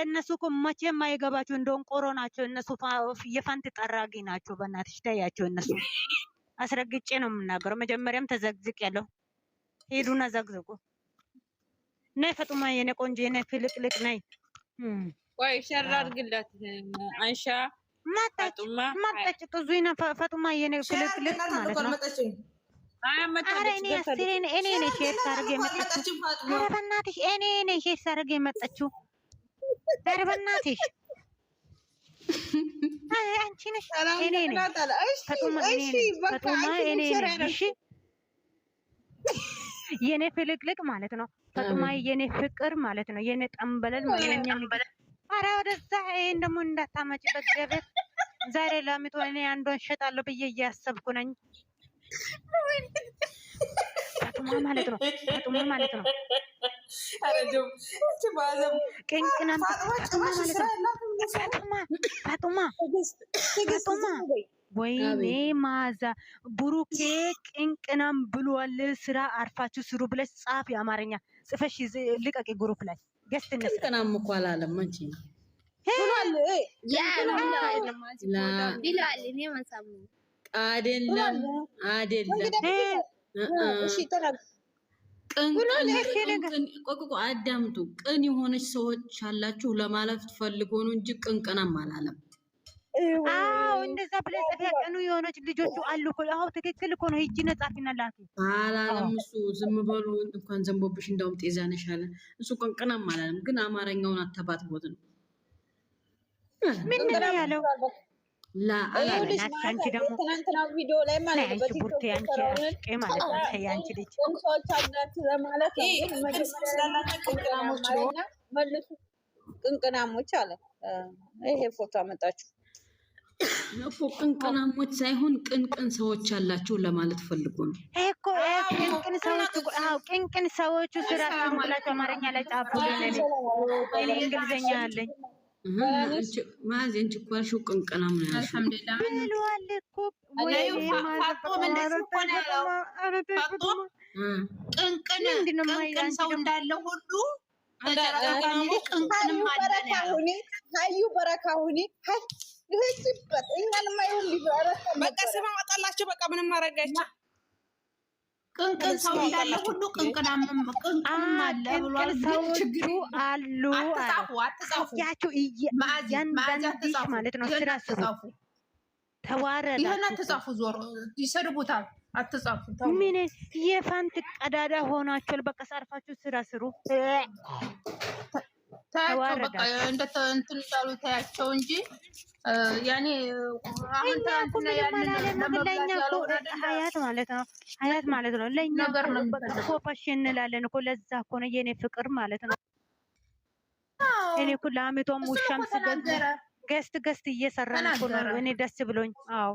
ለእነሱ እኮ መቼም አይገባቸው። እንደውም ቆሮ ናቸው እነሱ የፋንት ጠራጊ ናቸው። በእናትሽ ታያቸው። እነሱ አስረግጬ ነው የምናገረው። መጀመሪያም ተዘግዝቅ ያለው ሄዱና ዘግዝቁ። ነይ ፈጡማ፣ የኔ ቆንጆ፣ የኔ ፍልቅልቅ ነይ። ወይ ሸር አድርግላት አንሻ። መጣች ጡዙና ፈጡማ፣ የኔ ፍልቅልቅ ማለት ነው። አረ እኔ አስሬ እኔ ነኝ ሼር ሳደርግ የመጣችው። ኧረ በእናትሽ እኔ ነኝ ሼር ሳደርግ የመጣችው ዛሬ በእናትሽ አንቺ ነሽ እኔ ነኝ ፈጡማ እኔ ነኝ ፈጡማ እኔ ነኝ። እሺ የኔ ፍልቅልቅ ማለት ነው ፈጡማ የኔ ፍቅር ማለት ነው የኔ ጠንበለል ማለት ነው። ኧረ ወደዛ ይሄን ደግሞ እንዳታመጭበት ገበት ዛሬ ላሚቶ እኔ አንዷን ሸጣለሁ ብዬ እያሰብኩ ነኝ። ፈጡማ ማለት ነው ፈጡማ ማለት ነው ወይኔ ማዛ ብሩኬ ቅንቅናም ብሏል። ስራ አርፋችሁ ስሩ ብለሽ ጻፍ። የአማርኛ ጽፈሽ ልቀቂ ግሩፕ ላይ ገስት እኮ አላለም አንቺ አይደለም አይደለም ቅንቅንቆቁ አዳምጡ። ቅን የሆነች ሰዎች አላችሁ ለማለፍ ትፈልጎ ነው እንጂ ቅንቅናም አላለም። አዎ እንደዛ ብለህ ጸፊያ ቀኑ የሆነች ልጆቹ አሉ እኮ አዎ፣ ትክክል እኮ ነው። ሂጂ ነጻፊና ላኪ አላለም እሱ። ዝም በሉ እንኳን ዘንቦብሽ፣ እንዳውም ጤዛ ነሽ አለ እሱ። ቅንቅናም አላለም ግን አማርኛውን አተባት ቦት ነው ምን ያለው ቪዲዮ ላይ ማለት ነው። ማለት ነው። ቅንቅናሞች መልሱ፣ ቅንቅናሞች አለ። ይሄ ፎቶ አመጣችሁ እኮ ቅንቅናሞች ሳይሆን ቅንቅን ሰዎች አላችሁ ለማለት ፈልጎ ነው እኮ። ቅንቅን ሰዎች ቅንቅን ሰዎቹ ስራ ማለት አማርኛ ላይ ጻፉ፣ እንግሊዝኛ አለኝ ማዘን ችኳል ሹ ቅንቅና ምን ያልሽልዋል ቅንቅን ሰው እንዳለ ሁሉ ሀዩ በረካ ሁኒ ይህችበት እኛን ማይሆን በቃ ስማ መጣላቸው በቃ ምንም አረጋቸው ቅንቅን ሰው እንዳለ ሁሉ ቅንቅናምም ቅንቅንም አለ ብሏል። ግን ችግሩ አሉ ያቸው እያንዳንድሽ ማለት ነው ስራ ስሩ ተዋረዳ። ይህን አትጻፉ፣ ዞሮ ይሰድቡታል። አትጻፉ። ምን የፋንት ቀዳዳ ሆናችኋል። በቃ ሳርፋችሁ ስራ ስሩ። ታያቸው በቃ እንደተ እንትን እንዳሉ ታያቸው እንጂ ያኔ ሀያት ማለት ነው። ሀያት ለእኛ ኮፓሽ እንላለን እኮ ለዛ እኮ ነው የኔ ፍቅር ማለት ነው። እኔ እኮ ለአመቷም ውሻም ስገዝ ገስት ገስት እየሰራ ነው እኔ ደስ ብሎኝ አዎ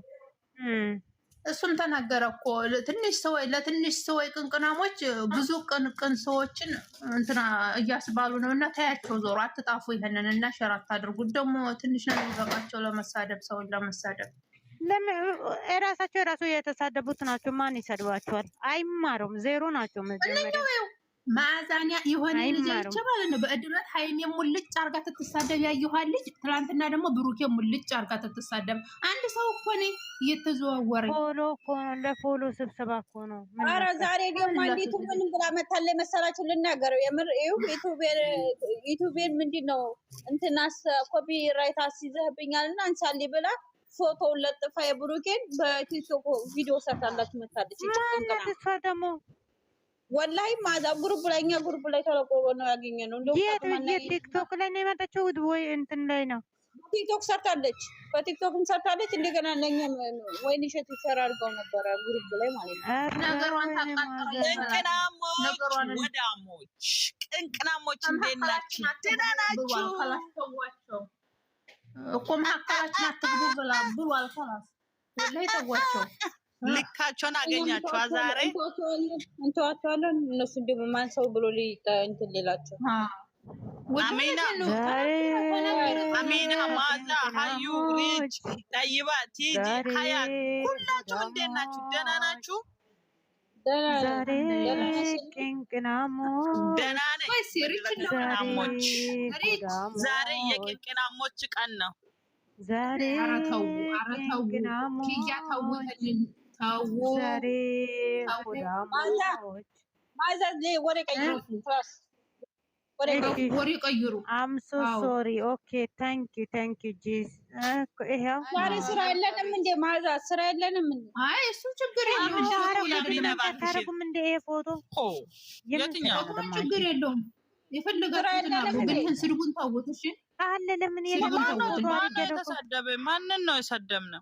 እሱም ተናገረ እኮ ትንሽ ሰው ለትንሽ ሰው ቅንቅናሞች ብዙ ቅንቅን ሰዎችን እንትና እያስባሉ ነው። እና ታያቸው ዞሮ አትጣፉ፣ ይሄንን እና ሸራ አታድርጉ። ደግሞ ትንሽ ነው የሚበቃቸው ለመሳደብ፣ ሰውን ለመሳደብ። ለምን የራሳቸው የራሱ የተሳደቡት ናቸው። ማን ይሰድባቸዋል? አይማሩም፣ ዜሮ ናቸው መጀመሪያ ማዕዛኛ የሆነ ልጆች ማለት ነው። በእድረት ሀይሜ ሙልጭ አርጋ ትትሳደብ ያየኋት ልጅ ትላንትና ደግሞ ብሩኬ ሙልጭ አርጋ ትትሳደብ። አንድ ሰው እኮ እኔ እየተዘዋወረ ፎሎ እኮ ነው ለፎሎ ስብሰባ እኮ ነው። አረ ዛሬ ደግሞ እንዴት ምንም ብላ መታለ መሰላችሁ? ልናገረው የምር ዩቱቤን ምንድን ነው እንትናስ ኮፒ ራይት አስይዘህብኛል እና አንሳሌ ብላ ፎቶውን ለጥፋ የብሩኬን በቲክቶክ ቪዲዮ ሰርታላችሁ መታለች። ማነት እሷ ደግሞ ወላይ ማዛ ጉሩብ ላይ እኛ ጉሩብ ላይ ተለቆ ነው ያገኘነው። ቲክቶክ ላይ ነው የመጣችው ወይ እንትን ላይ ነው ቲክቶክ ሰርታለች፣ በቲክቶክም ሰርታለች። እንደገና ለኛ ወይን እሸት ይሰራ አድርገው ነበረ ጉሩብ ላይ ማለት ነው። ነገሯን ቅንቅናሞች፣ ወዳሞች፣ ቅንቅናሞች እንዴት ናችሁ? ደህና ናችሁ እኮ መካከላችን አትግቡ ብሏል። ከላስ ወላይ ተዋቸው ልካቸውን አገኛቸው ዛሬ እንተዋቸዋለን። እነሱ እንዲሁ ማን ሰው ብሎ እንትን ሌላቸው አሜና ማዛ ሀዩ ሪች ጠይባ ቲጂ ሀያ ሁላችሁ እንዴት ናችሁ? ደህና ናችሁ? ዛሬ የቅንቅናሞች ቀን ነው። ዛሬ ቅንቅናሞች ወሬ ቀይሩ። አምሶ ሶሪ ኦኬ ታንኪ ታንኪ ጂስ ዛሬ ስራ የለንም እንዴ? ማዛ ስራ የለንም እንዴ? እሱ ችግር የለውም። እንደ ይሄ ፎቶ ችግር የለውም። የፈለጋችሁትን ግን ስድቡን ታወጡሽ አለ። ለምን የማን ነው የተሳደበ? ማንን ነው የሰደብነው?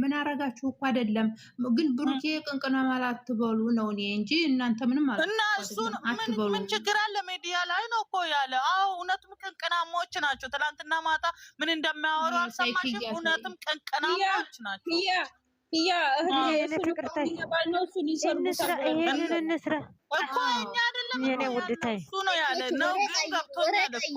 ምን አረጋችሁ እኮ አይደለም። ግን ብሩኬ ቅንቅናም አትበሉ ነው እኔ እንጂ እናንተ ምንም አለ እና ምን ችግር አለ? ሚዲያ ላይ ነው እኮ ያለ። አዎ እውነትም ቅንቅናሞች ናቸው። ትላንትና ማታ ምን እንደሚያወሩ አልሰማሽም? እውነትም ቅንቅናሞች ናቸው። ያ እኮ እኛ አይደለም እሱ ነው ያለ ነው ግን ገብቶኛል እኮ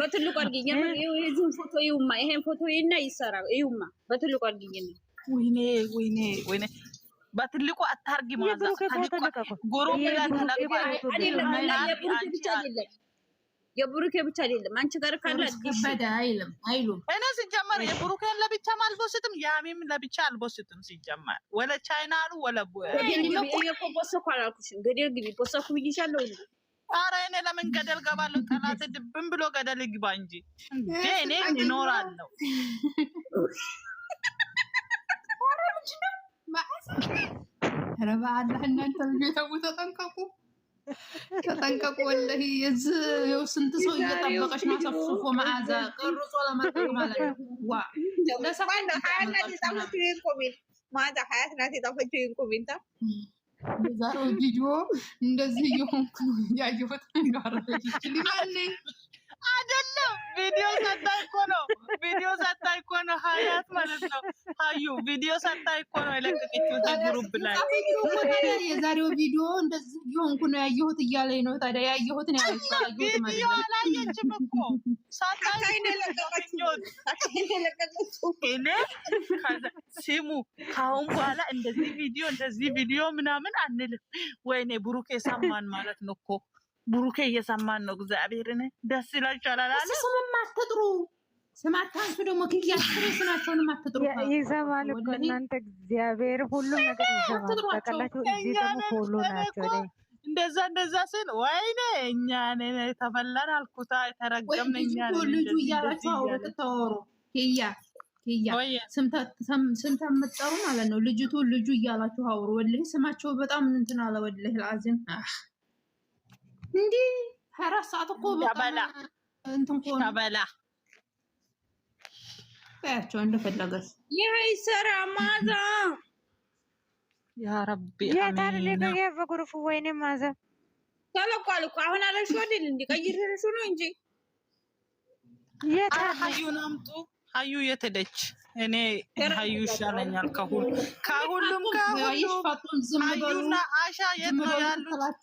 በትልቁ አድርጊኝ። ፎቶ ይሁማ፣ ይሄን ፎቶ ይና ይሰራ ይሁማ፣ በትልቁ አድርጊኝ። ወይኔ ወይኔ ወይኔ በትልቁ አታርጊ። ማዛ የብሩኬ ብቻ አይደለም አንቺ ጋር ካለ አድርጊ አይሉም። እኔ ሲጀመር የብሩኬን ለብቻም አልቦስትም፣ ያሚም ለብቻ አልቦስትም። ሲጀመር ወለ ቻይና አሉ ወለ ቦ አላልኩሽም። ገደል ግቢ ፖሰኩ ብይሻለሁ አረ እኔ ለምን ገደል ገባለሁ? ጠላት ድብን ብሎ ገደል ይግባ እንጂ እኔ እኖራለሁ። ኧረ በአላህ እናንተ ቤተቡ ተጠንቀቁ፣ ተጠንቀቁ። ወላሂ የዚህ ስንት ሰው እየጠበቀች ነው። ሰብስፎ መዓዛ ቀርጾ ለመጠቅ ማለት ነው። ዋ ዛሬ ቪዲዮ እንደዚህ እየሆንኩ ያየሁት ጋር ይችላል አይደለም ቪዲዮ ሰታይ እኮ ነው። ቪዲዮ እኮ ነው። ሀያት ማለት ነው። ቪዲዮ እኮ ነው የለቀቀችው ግሩፕ ላይ የዛሬው ቪዲዮ እንደዚህ ነው ያየሁት እያለኝ ነው። ታዲያ ያየሁት ነው ቪዲዮ አላየችም እኮ ስሙ ከአሁን በኋላ እንደዚህ ቪዲዮ እንደዚህ ቪዲዮ ምናምን አንልም። ወይኔ ብሩኬ ሰማን ማለት ነው እኮ ብሩኬ እየሰማን ነው። እግዚአብሔርን ደስ ይላችኋል። ስምም አትጥሩ፣ ስም ደግሞ ክያ ስናቸውን ስማቸውንም አትጥሩ። ይዘባል እኮ እናንተ እግዚአብሔር ሁሉም ነገር ይዘባል። እዚህ ደግሞ ሁሉ ናቸው። እንደዛ እንደዛ ስል ወይኔ እኛ ተበላን አልኩታ። የተረገም ልጁ እያላቸው አውረጥ ተወሩ ክያ ክያ ስምተ ማለት ነው። ልጅቱ ልጁ እያላችሁ አውሩ። ወላሂ ስማቸው በጣም እንትን አለ። ወላሂ ልአዚም እንዲህ ሀያ አራት ሰዓት እኮ በላ እንትን እኮ ተበላ ያቸው እንደፈለገስ ይህ ይሰራ ማዛ ያ ረቢ አሚን በጉርፉ ወይኔ ማዛ ተለቋል እኮ አሁን አለሹ አይደል እንዲቀይር ነው እንጂ ሀዩን አምጡ። ሀዩ የት ሄደች? እኔ ሀዩ ይሻለኛል ከሁሉ ከሁሉም ከሁሉም ሀዩና አሻ የት ነው ያሉት?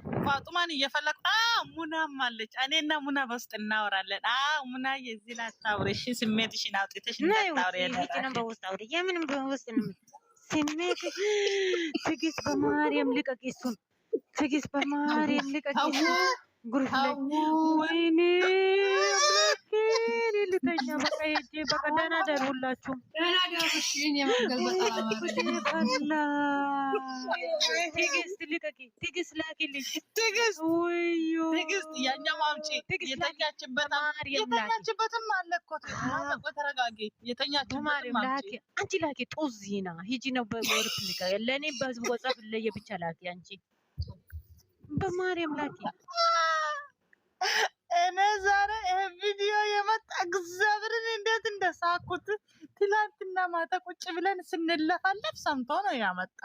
ፋጡማን እየፈለግ ሙናም አለች። እኔና ሙና በውስጥ እናወራለን። ሙና የዚህ ላታውሪ ስሜትሽን አውጥተሽ እንዳታውሪ። በማርያም ጉርፍ ላይ ወይኔ በቃ ደህና ደር ሁላችሁም ትግስት ልቀቂ፣ ትግስት ላኪልኝ፣ ትግስት ያኛው አምጪ። የተኛችበትም አለ እኮ ተረጋጊ። የተኛችበትም አንቺ ላኪ። ጡዚና ሂጂ ነው በወርፍ ልቀቂ። ለእኔ በወጻፍ ለየብቻ ላኪ። አንቺ በማርያም ላኪ እኔ ዛሬ ይህ ቪዲዮ የመጣ እግዚአብሔርን እንዴት እንደሳኩት። ትላንትና ማታ ቁጭ ብለን ስንለፋለፍ ሰምቶ ነው ያመጣ።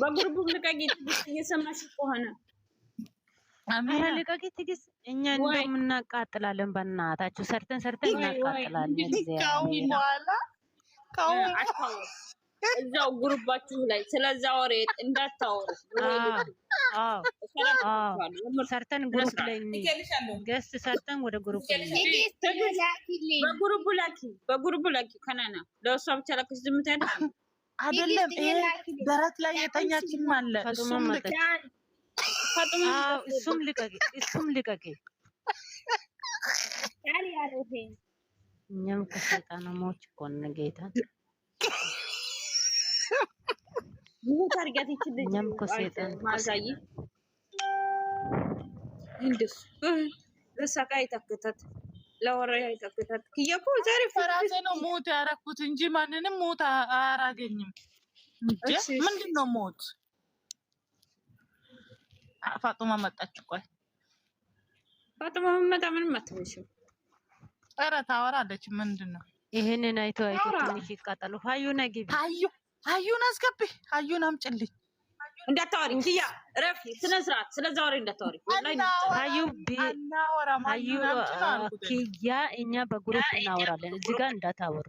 በጉርቡ ልቀቂ ትግስት፣ እየሰማሽ ከሆነ አሜራ ልቀቂ ትግስት። እኛ እንደውም እናቃጥላለን፣ በእናታችሁ ሰርተን ሰርተን እናቃጥላለን። ከአሁን በኋላ እዛው ጉርባችሁ ላይ ስለዛ ወሬ እንዳታወሩ። አዎ ሰርተን ግሩፕ ላይ ገስት ሰርተን ወደ ግሩፕ በግሩፕ ላኪ፣ በግሩፕ ላኪ። ከናና ለእሷ ብቻ ላከች። ዝም ትያለሽ አይደለም? ደረት ላይ የተኛችም አለ። እሱም ልቀቂ፣ እሱም ልቀቂ። እኛም ከሰይጣናሞች እኮ ነን። ጌታ እኛም ማሳይ እንደሱ ለሰቃይ ተከተት ለወሬ ተከተት እኮ ዛሬ ፈራሴ ነው ሞት ያረኩት እንጂ ማንንም ሞት አላገኝም። ምንድን ነው ሞት? ፋጡማ መጣች። ቆይ ፋጡማ መጣ። ምን መጣች? ኧረ ታወራለች። ምንድን ነው ይሄንን አይቶ አይቶ ትንሽ ይቃጠሉ። ሀዩና ነግቢ፣ ሀዩ ሀዩን አስገቢ ሀዩን አምጪልኝ እንዳታወሪ እንትያ ረፊ ስነ ስርዓት ስለዛ ወሬ እንዳታወሪ። ኪያ እኛ በጉሩፕ እናወራለን፣ እዚህ ጋር እንዳታወሩ።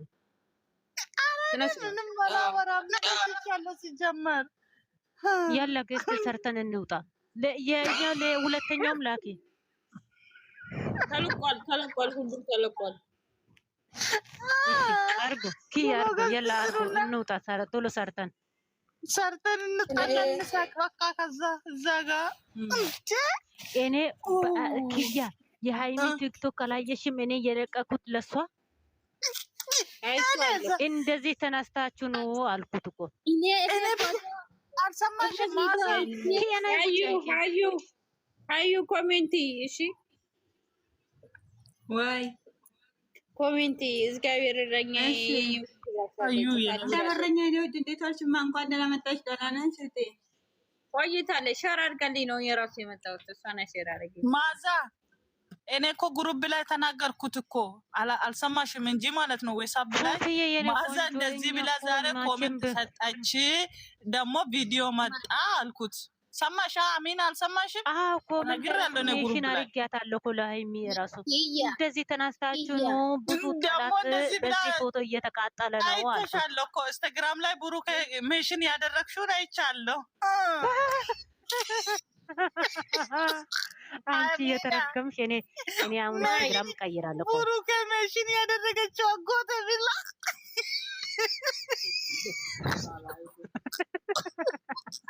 ሲጀመር ያለ ገስት ሰርተን እንውጣ። ሁለተኛውም ላኪ ተለቋል፣ ተለቋል፣ ሁሉም ተለቋል። አርጎ አርጎ የላ እንውጣ ቶሎ ሰርተን ሰርተን እንጣላን እንሳቅ። በቃ ከዛ እዛ ጋር እኔ ክያ የሀይሚ ቲክቶክ ካላየሽም እኔ የለቀኩት ለሷ እንደዚህ ተነስታችሁ ነው አልኩት እኮ አዩ ኮሜንቲ እሺ ወይ ኮሜንቲ እግዚአብሔር ረኛ በረኛ ሄደች። እንዴት ዋልሽማ? እንኳን ደህና መጣሽ። ደህና ነሽ? ቆይታለች። ሸር አድርጋልኝ ነው የራሱ የመጣሁት እሷን ሸር አድርጌ ማዛ እኔ እኮ ጉሩብ ላይ ተናገርኩት እኮ አልሰማሽም እንጂ ማለት ነው። ወይሳብ ላይ ማዛ እንደዚህ ብላ ዛሬ ኮሜንት ሰጠች፣ ደግሞ ቪዲዮ መጣ አልኩት ሰማሻ አሜን አልሰማሽም? እኮ ኮሚሽን አድርጊያታለሁ እኮ ለሀይሚ እራሱ እንደዚህ ተናስታችሁ ነው። ብዙ ጠላት በዚህ ፎቶ እየተቃጠለ ነው። አይቻለሁ እኮ ኢንስታግራም ላይ ብሩክ ሜሽን ያደረግሽውን አይቻለሁ። አንቺ እየተረገምሽ እኔ እኔ አሁን ኢንስታግራም እቀይራለሁ ብሩክ ሜሽን ያደረገችው አጎተ ቢላ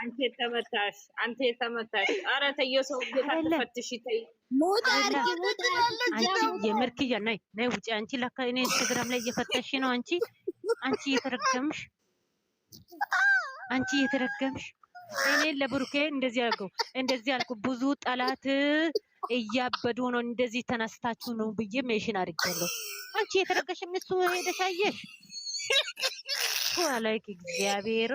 አንቺ የተመታሽ አንቺ የተመታሽ፣ አረ ተየ ሰው ጌታ ፈትሽ ተይ። የመርክያ ነይ ነይ ውጪ። አንቺ ለካ እኔ ኢንስታግራም ላይ እየፈተሽ ነው አንቺ አንቺ እየተረገምሽ አንቺ እየተረገምሽ። እኔ ለብሩኬ እንደዚህ አልኩ እንደዚህ አልኩ። ብዙ ጠላት እያበዱ ነው። እንደዚህ ተነስታችሁ ነው ብዬ ሜሽን አድርጌያለሁ። አንቺ እየተረገሽ እነሱ ሄደሽ አየሽ ላይክ እግዚአብሔር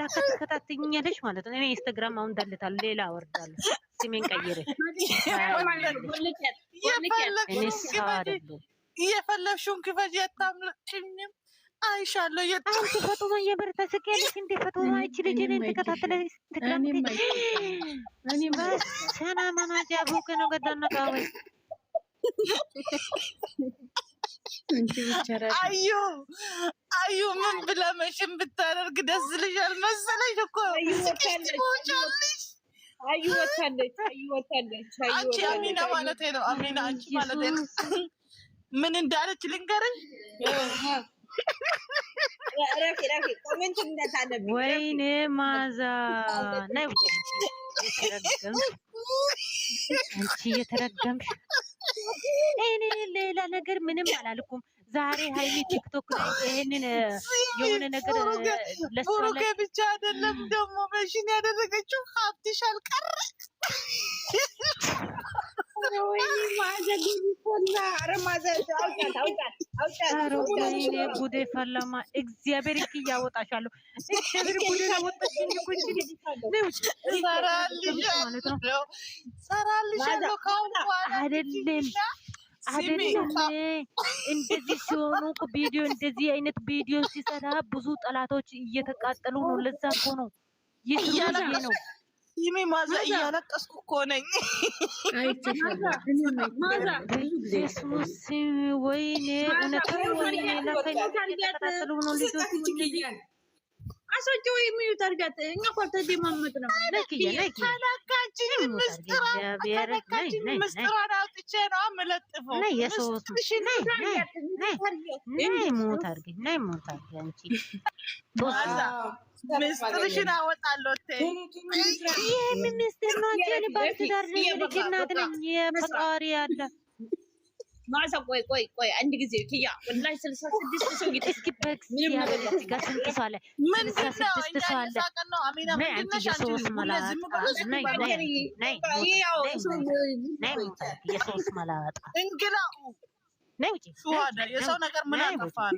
ታከታተኛለሽ ማለት ነው። እኔ ኢንስታግራም አሁን ዳልታል ሌላ አወርዳለሁ። ስሜን ቀይሬ እየፈለግሽውን ክፈጅ የታምልጭኝም አይሻለሁ የአንቺ ፈጡማ የበር ተስቀያለሽ እንዴ ፈጡማ ይቺ ልጅ እኔን ተከታተለ ኢንስታግራም ሰና ማናጃ ቡክ ነው ገዳና ቃወይ አዩ አዩ ምን ብላ መሽን ብታደርግ ደስ ልሻል መሰለሽ እኮ አዩ ወታለች። አዩ ወታለች። አንቺ አሚና ማለት ነው። አሚና አንቺ ማለት ነው። ምን እንዳለች ልንገርሽ። ወይኔ ማዛ ነይ፣ እየተረገምሽ ይህንን ሌላ ነገር ምንም አላልኩም። ዛሬ ሀይሚ ቲክቶክ ላይ ይህንን የሆነ ነገር ለስሩከ ብቻ አይደለም ደግሞ መሽን ያደረገችው ሀብትሽ አልቀረ ጉዴ ፈላማ እግዚአብሔር እያወጣሻለሁ። እግዚአብሔር ጉዴ አይደለም። እንደዚህ ሲሆኑ ቪዲዮ እንደዚህ አይነት ቪዲዮ ሲሰራ ብዙ ጠላቶች እየተቃጠሉ ነው። ለዛ እኮ ነው ይህ ነው ይሜ ማዛ እያለቀስኩ እኮ ነኝ። አስወጪው የሚሉት አድርጋት። እኛ እኮ አልተደማመጥ ነው። ተለካችኝ ምስጢሯን አውጥቼ ነው የምለጥፈው። ሞት አድርገኝ ሞት አድርገኝ አንቺ ምስጢርሽን አወጣለሁ። ይህም ምስጢር ነው። አንቺን ባለትዳር ነኝ፣ ልጅ እናት ነኝ። የፈጣሪ ያለ ማዕዛ ቆይ ቆይ ቆይ አንድ ጊዜ ክያ ወላሂ ስልሳ ስድስት ሰው እስኪ በእግዚአብሔር ጋር ስንት ሰው አለ? ስልሳ ስድስት ሰው አለ። ነይ አንቺ የሶስት መላጣ ነይ ነይ ነይ ነይ የሶስት መላጣ እንግላው ነይ ውጪ። የሰው ነገር ምን አጠፋን?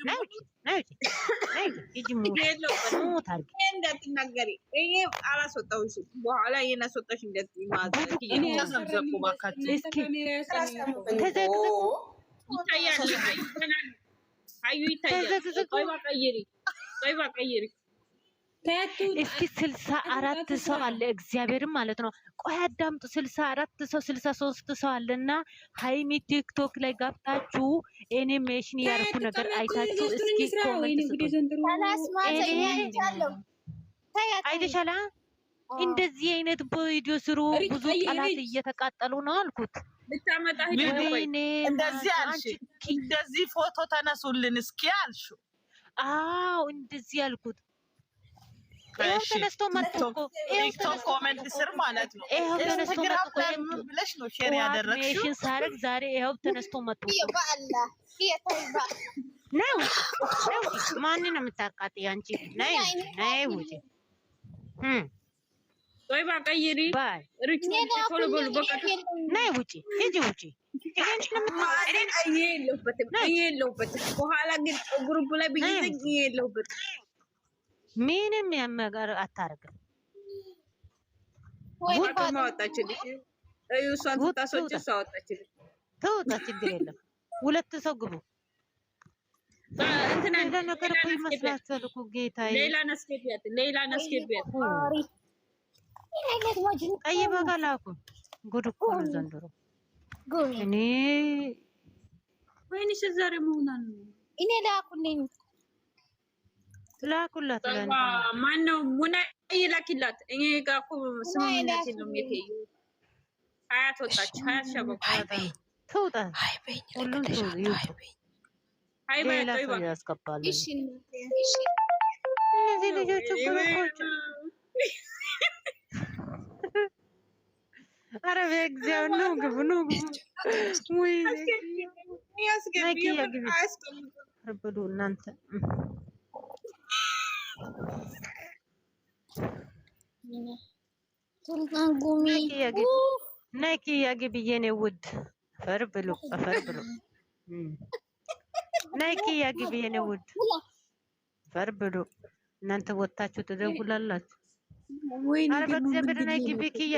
እስኪ ስልሳ አራት ሰው አለ እግዚአብሔርም ማለት ነው። ቆይ አዳምጡ። ስልሳ አራት ሰው ስልሳ ሶስት ሰው አለና ሀይሚ ቲክቶክ ላይ ገብታችሁ ሜሽን ያርኩ ነገር አይታችሁ እስኪ አይተሻላ እንደዚህ አይነት በቪዲዮ ስሩ። ብዙ ጠላት እየተቃጠሉ ነው አልኩት። እንደዚህ ፎቶ ተነሱልን እስኪ አልሹ። አዎ እንደዚህ አልኩት። ተነስቶ መጥቶ ተነስቶ መጥቶ ሳረግ ዛሬ ይኸው ተነስቶ መጥቶ ነው ማንን ነው የምታቃጥይ አንቺ? ነይ ነይ ውጪ ጦይባ ቀይሪ ነይ ውጪ ሂጂ ውጪ እኔ የለሁበትም የለሁበትም። በኋላ ግን ጉሩብ ላይ ብይዘኝ የለሁበትም ምንም ያመገር አታርግም። ተውጣ፣ ችግር የለም። ሁለት ሰው ግቡ። ቀይ በጋ ላኩ። ጉድ እኮ ነው ዘንድሮ። እኔ ወይኔ ዛሬ እኔ ላኩልኝ ላኩላት ማነው ሙናዬ ላኪላት። እኔ ጋ እኮ ስምምነት የለውም። የትዬ ሀያት ወጣች፣ ሀያት ሸበቆ ትውጣ። ሁሉም ያስገባል። እነዚህ ልጆች ጉሮች አረ በእግዚአብሔር ነው ግቡ ነው ግቡ። ወይ ግቢ እናንተ ሱልጣን ጉሚ ነኪ ያግቢ የኔ ውድ አፈር ብሎ አፈር ብሎ ነኪ ውድ አፈር ብሎ እናንተ ወታችሁ ትደውላላችሁ። ኧረ በእግዚአብሔር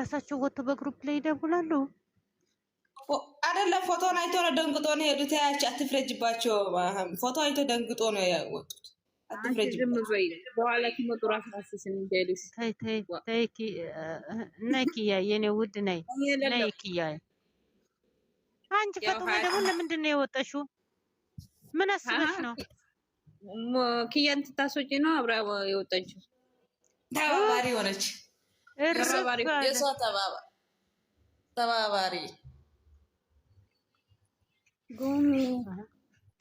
ራሳቸው ወጥተው በግሩፕ ላይ ይደውላሉ። አይደለም ፎቶን አይቶ ነው ደንግጦ ነው የሄዱት። ያች አትፍረጅባቸው። ፎቶ አይቶ ደንግጦ ነው ያወጡት። ነኪያ የኔ ውድ ነይ አንቺ ደግሞ ለምንድን ነው የወጣሽው? ምን አስበሽ ነው? ትታስወጪ ነው አብራ የወጣችው። ተባባሪ ሆነች። የእሷ ተባባሪ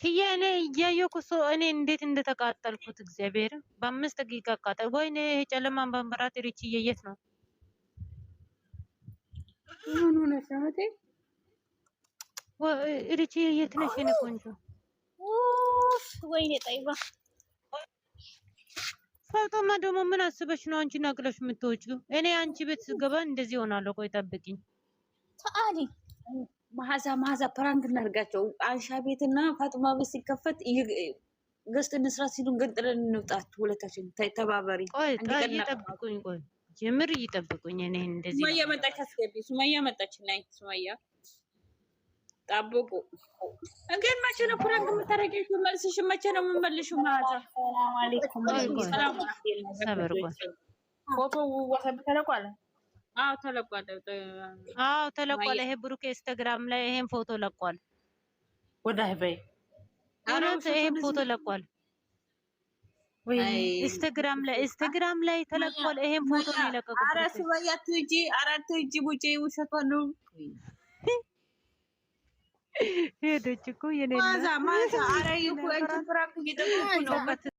ክያ እኔ እያየሁ እኮ እኔ እንዴት እንደተቃጠልኩት እግዚአብሔር በአምስት ደቂቃ አቃጠል። ወይኔ ይሄ ጨለማ በመብራት ሪች እየየት ነው። ምን ሆነሽ እህቴ? ሪች እየየት ነሽ? የእኔ ቆንጆ ወይኔ ጠይባ ፈርጦማ ደግሞ ምን አስበሽ ነው አንቺ ነቅለሽ የምትወጪው? እኔ አንቺ ቤት ስገባ እንደዚህ ሆናለሁ። ቆይ ጠብቂኝ። ታአሊ መሀዛ መሀዛ ፕራንክ እናርጋቸው። አንሻ ቤትና ፋጥማ ቤት ሲከፈት ገስት እንስራ ሲሉ ገንጥለን እንውጣት። ሁለታችን ተባበሪ። ቆይ እየጠብቁኝ፣ ቆይ ጀምር እየጠብቁኝ። እኔ እንደዚህ ሱማያ መጣች፣ አስገቢ ሱማያ መጣች። ናይ ሱማያ ጠብቁ እንግዲህ መቼ ነው ፕራንክ የምታደርጊው? መልስሽ መቼ ነው የምመልሽው? ማታ ተለቋል። ይሄ ብሩክ ኢንስታግራም ላይ ይሄን ፎቶ ለቋል። ወዳህ በይ እውነት ይሄን ፎቶ ለቋል። ኢንስታግራም ላይ ኢንስታግራም ላይ ተለቋል። ይሄን ፎቶ ነው የለቀቁት። ኧረ ስበያት እንጂ ኧረ ተው እንጂ ውሸቷ ነው። ሄደች እኮ የኔ ማዛ ማዛ አረ ይሁን እንትን ፍራንክ እየጠበቁ ነው።